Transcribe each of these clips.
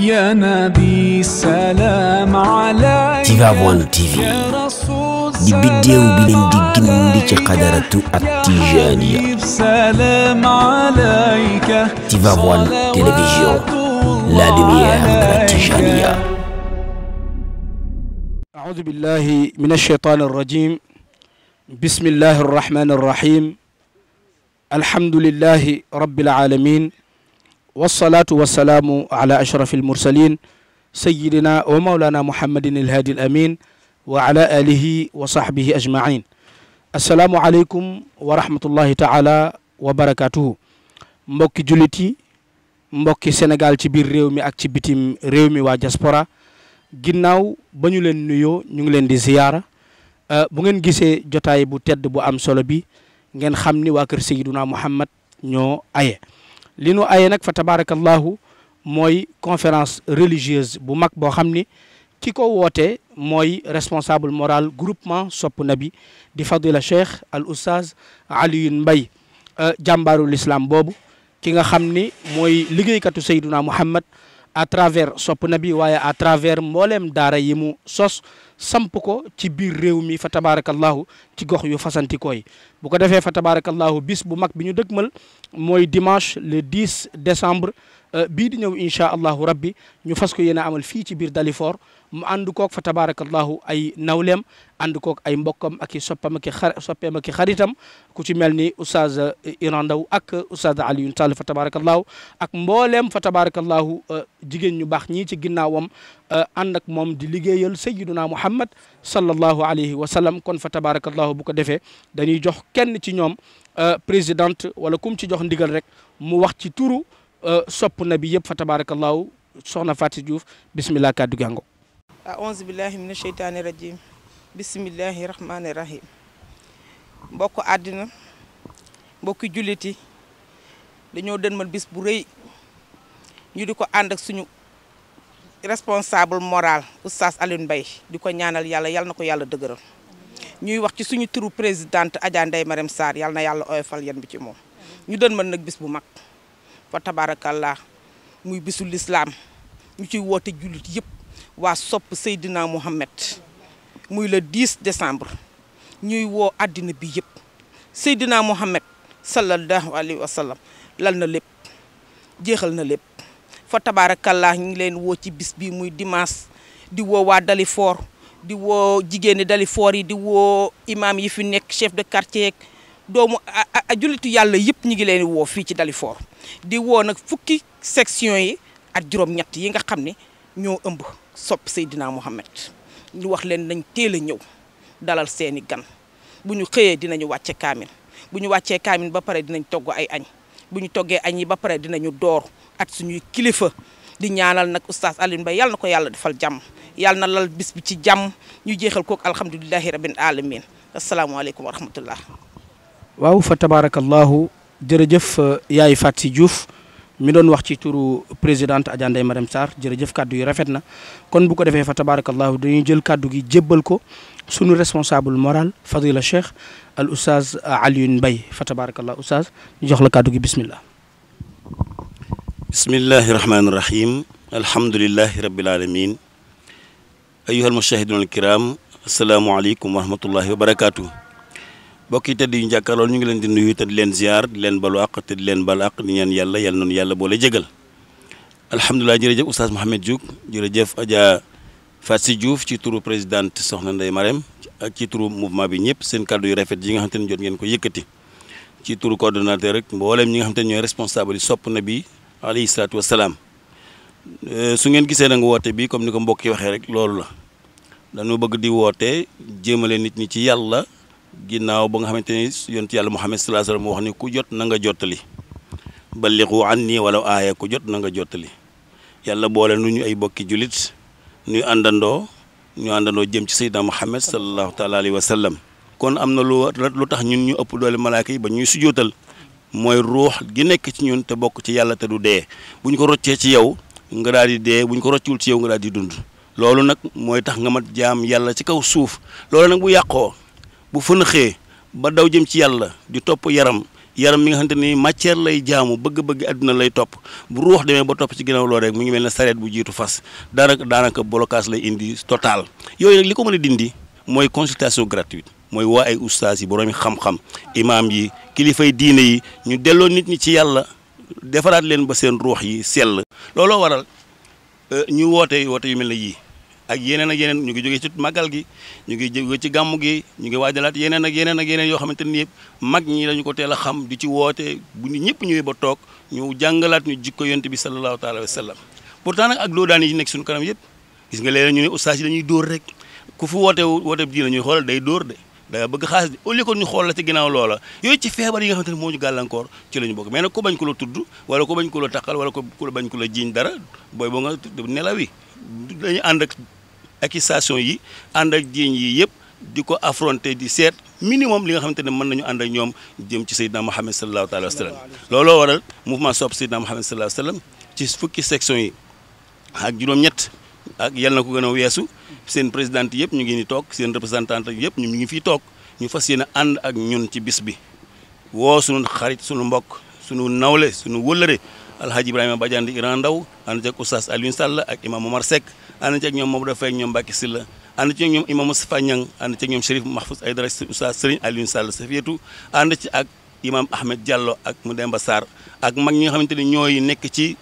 يا نبي السلام عليك تيفا بوان تيفي يا رسول دي بيديو بلين دي جن دي يا حبيب سلام عليك تيفا بوان تلفزيون لا دمية التيجانية أعوذ بالله من الشيطان الرجيم بسم الله الرحمن الرحيم الحمد لله رب العالمين والصلاة والسلام على أشرف المرسلين سيدنا ومولانا محمد الهادي الأمين وعلى آله وصحبه أجمعين السلام عليكم ورحمة الله تعالى وبركاته مبوك جلتي مبوك سنغال تبير ريومي أكتبتم ريومي واجاسبورا جناو بنيو لن نيو نيو لن دي زيارة أه، بغن جيسي جتاي بو تد بو أم سولبي نغن خمني واكر سيدنا محمد نيو أيه li nu aye nag fa tabarakallah moy conférence religieuse bu mak bo xamni ki ko responsable moral groupement sop nabi di fadila cheikh al oustaz Alioune mbay euh, jambarou l'islam bobu ki nga xamni moy liguey katou sayduna muhammad à travers sop nabi waaye à travers mbooleem dara yimu sos samp ko ci biir réew mi fa tabarakallahu ci gox yu fasantikoo yi bu ko defee fa tabarakallahu bis bu mag bi ñu dëgmal mooy dimanche le 10 décembre bii di ñëw incha allahu rabbi ñu fas ko yéen a amal fii ci biir Dalifort mu ànd koog fa tabaarakallahu ay nawleem ànd koog ay mbokkam ak i soppam ak i xar soppeem ak i xaritam ku ci mel ni oustaz Iran ak oustaz Alioune Sall fa tabaarakallahu ak mbooleem fa tabaarakallahu jigéen ñu baax ñii ci ginnaawam ànd ak moom di liggéeyal sayyiduna Muhammad sallallahu alayhi wa sallam kon fa tabaarakallahu bu ko defee dañuy jox kenn ci ñoom présidente wala kum ci jox ndigal rek mu wax ci turu. Eh, sop na bi yëpp fa tabaarakallaahu soxna Fatou Diouf bismillah kaddu gango aouzu billahi mina shaitani rajim bismillahir rahmanir rahim mbok adina mbok juliti dañu dañoo dënmal bis bu reuy ñu diko and ak suñu responsable moral oustaz alun bay diko ñaanal yalla yal nako yalla deugural ñuy wax ci suñu turu president Adja ndey Marème sar yalla na yalla oyfal yan bi ci mom ñu nak bis bu fa tabarakallah muy bisu lislaam ñu ciy woote jullit yëpp waa sopp Seydina Mohamed muy le diis décembre ñuy woo àddina bi yëpp Seydina Mohamed sallallahu alayhi wa lal na lépp jeexal na lépp fa tabarakallah ñu ngi leen woo ci bis bi muy dimanche di woo waa Dalifort di woo jigéeni Dalifort yi di woo imaam yi fi nekk chef de quartier doomu jullitu yàlla yëpp ñi ngi leen woo fii ci Dalifort di woo nag fukki section yi ak juróom-ñett yi nga xam ne ñoo ëmb sopp Seydina Mohamed ñu wax leen nañ teel a ñëw dalal seeni gan bu ñu xëyee dinañu wàcce kaamin bu ñu wàccee kaamin ba pare dinañ togg ay añ bu ñu toggee añ yi ba pare dinañu door ak suñuy kilifa di ñaanal nag oustaz Alioune Mbaye yàlla na ko yàlla defal jàmm yàlla na lal bis bi ci jàmm ñu jeexal kook alhamdulilahi rabbil alamin asalaamaaleykum wa waaw fa allah jërëjëf yaay Faty Diouf mi doon wax ci turu présidente Adja Ndeye madame sar jërëjëf kaddu yu rafet na kon bu ko defee fa allah dañuy jël kaddu gi jébbal ko sunu responsable moral Fadila Cheikh al oustaz Alioune Mbaye fa allah oustaz ñu jox la kaddu gi bismillah bismillahi rahmaani rahim alhamdulilahi rabbil alamin ayyuhal mushahidun alkiram asalaamualeykum wa rahmatullahi wa barakatuh bokki tedd yu jàkkaarloo ñu ngi leen di nuyu te di leen ziar di leen balu ak te di leen balu ak di ñaan yàlla yàlla noonu yàlla boole jégal alhamdulilah jërëjëf oustaz Juk Diouk jërëjëf Adja Fatou Diouf ci turu présidente soxna Ndeye marem ak ci turu mouvement bi ñëpp seen kàddu yu rafet yi nga xam ne jot ngeen ko yëkkati ci turu coordonnateur rek mboolem ñi nga xam ne ñooy responsable yi sopp na bi alayhi salatu wasalaam euh, su ngeen gisee nga woote bi comme ni mbokk yi waxee rek loolu la dañu bëgg di woote jéemale nit ñi ci yàlla ginnaaw ba nga xamante ni yonent yàlla Muhammad sallallahu alayhi wasallam mu wax ni ku jot na nga jottali ballighu anni walaw aaya ku jot na nga jottali yàlla boole nu ñu ay bokki julit ñuy àndandoo ñu àndandoo jëm ci sayyidina Muhammad sallallahu taala wa sallam kon am na lu lu tax ñun ñu ëpp doole malaaka yi ba ñuy sujootal mooy ruux gi nekk ci ñun te bokk ci yàlla te du dee bu ñu ko roccee ci yow nga daal di dee bu ñu ko roccul ci yow nga daal di dund loolu nag mooy tax nga mat jaam yàlla ci kaw suuf loolu nag bu yàqoo bu nexé ba daw jëm ci yalla di top yaram yaram mi nga xamante matière lay jaamu bëgg-bëgg aduna lay top, bu ruux démé ba top ci ginaaw lo rek mu ngi melni ne sareet bu jitu fas blocage lay indi total yoy nak liko mëna dindi moy consultation gratuite moy wa ay oustaz yi boroomi xam-xam imam yi yi diine yi ñu delo nit ñi ci yalla defaraat leen ba seen ruux yi sel lolo waral euh, ñu wote wote yu melni yi ak yeneen ak yeneen ñu ngi jógee ci màggal gi ñu ngi jóge ci gàmm gi ñu ngi waajalaat yeneen ak yeneen ak yeneen yoo xamante ni yëpp mag ñi dañu ko teel xam di ci woote bu ñu ñëpp ñëwee ba toog ñu jàngalaat ñu jikko yonent bi sallallahu taala wa sallam pourtant nag ak doo daan yi nekk suñu kanam yëpp gis nga léeg ñu ne ustaas yi dañuy dóor rek ku fu woote woote bi diina ñuy xoolal day dóor de da bëgg xaalis de au ñu xool la ci ginnaaw loola yooyu ci feebar yi nga xamante ne moo ñu gàllankoor ci la ñu bokk mais nag ku bañ ku la tudd wala ku bañ ku la taqal wala ku bañ ku la dara booy boo nga nelawi dañu ànd ak accusation yi sonyi ak diñ yi yépp di ko affronter di minimum li nga xamante ne mën nañu and ak ñom jëm ci sayyidna muhammad sallallahu alaihi wasallam sallam waral mouvement sop sayyidna muhammad sallallahu alaihi wasallam sallam ci fukki section yi ak juroom ñet ak yal na ko gëna wessu seen présidente yépp ñu ngi ni tok seen représentante yépp ñu ngi fi tok ñu fassiyena and ak ñun ci bis bi wo sunu xarit sunu mbokk sunu nawle sunu al hadji Ibrahima Badiane di Iran Ndaw and ak Oustaz aliou Sall ak Imam Omar sek ànd ceeg ñoom moom Maodo Faye ñoom Mbacke Sylla ànd ceeg ñoom imam Moustapha Niang ànd ceeg ñoom Chérif Mahfouz Aïdara Oustaz Serigne Alioune Sall Safietou ànd ci ak imam Ahmed Diallo ak Moudemba Sarr ak mag ñi nga xamante ni ñooy nekk ci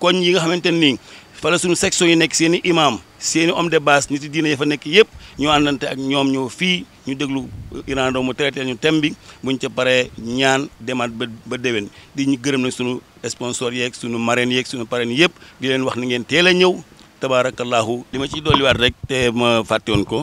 koñ yi nga xamante ni fa la suñu section yi nekk seen i imam seen i homme de base nit yi diine fa nekk yëpp ñoo àndante ak ñoom ñoo fii ñu déglu Iran Ndao mu traité ñu thème bi buñ ca paree ñaan demaat ba ba déwén di ñu gërëm nag suñu sponsor yeeg suñu marraine yeeg suñu parraine yëpp di leen wax ni ngeen teel a ñëw tabaarakallaahu li ma ciy dolliwaat rek te ma fàtte yoon ko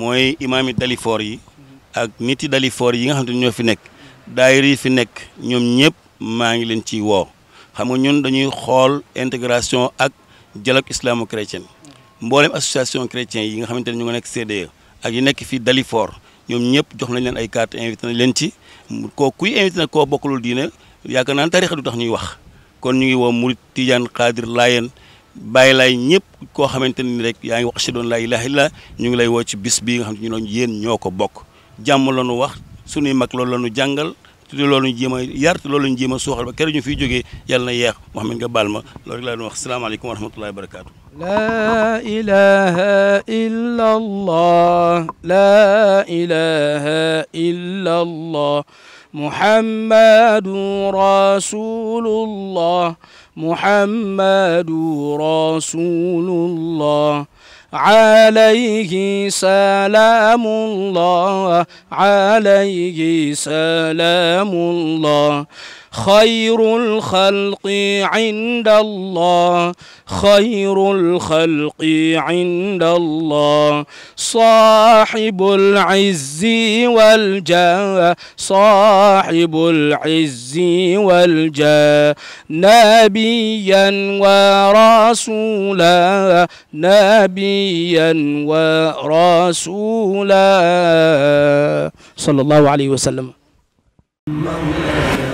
mooy imaam yi dalifoor yi ak nit yi dalifoor yi nga xam ne ñoo fi nekk daayir yi fi nekk ñoom ñëpp maa ngi leen ciy woo xam nga ñun dañuy xool integration ak dialogue islamo chrétien mboolem association chrétien yi nga xamante ne ñu nga nekk CDE ak yi nekk fii dalifoor ñoom ñëpp jox nañ leen ay carte invité nañ leen ci koo kuy invité nag koo bokkulul diine yaakaar naan tarixa du tax ñuy wax kon ñu ngi woo mu tijaan xaadir laayeen bàyyi laay ñëpp ko xamante ni rek yaa ngi wax si doon laa ilaaha illa ñu ngi lay woo ci bis bi nga xam ne ñu yéen ñoo ko bokk jàmm la ñu wax suñuy mag loolu la ñu jàngal te loolu ñu jéem a yar te loolu ñu jéem a suuxal ba kër ñu fiy jógee yàlla na yeex Mouhamed nga baal ma loolu rek laa doon wax salaamaaleykum wa rahmatullahi wa barakaatu. la ilaha illa allah محمد رسول الله محمد رسول الله عليه سلام الله عليه سلام الله خير الخلق عند الله خير الخلق عند الله صاحب العز والجاه صاحب العز والجاه نبيا ورسولا نبيا ورسولا صلى الله عليه وسلم مولاي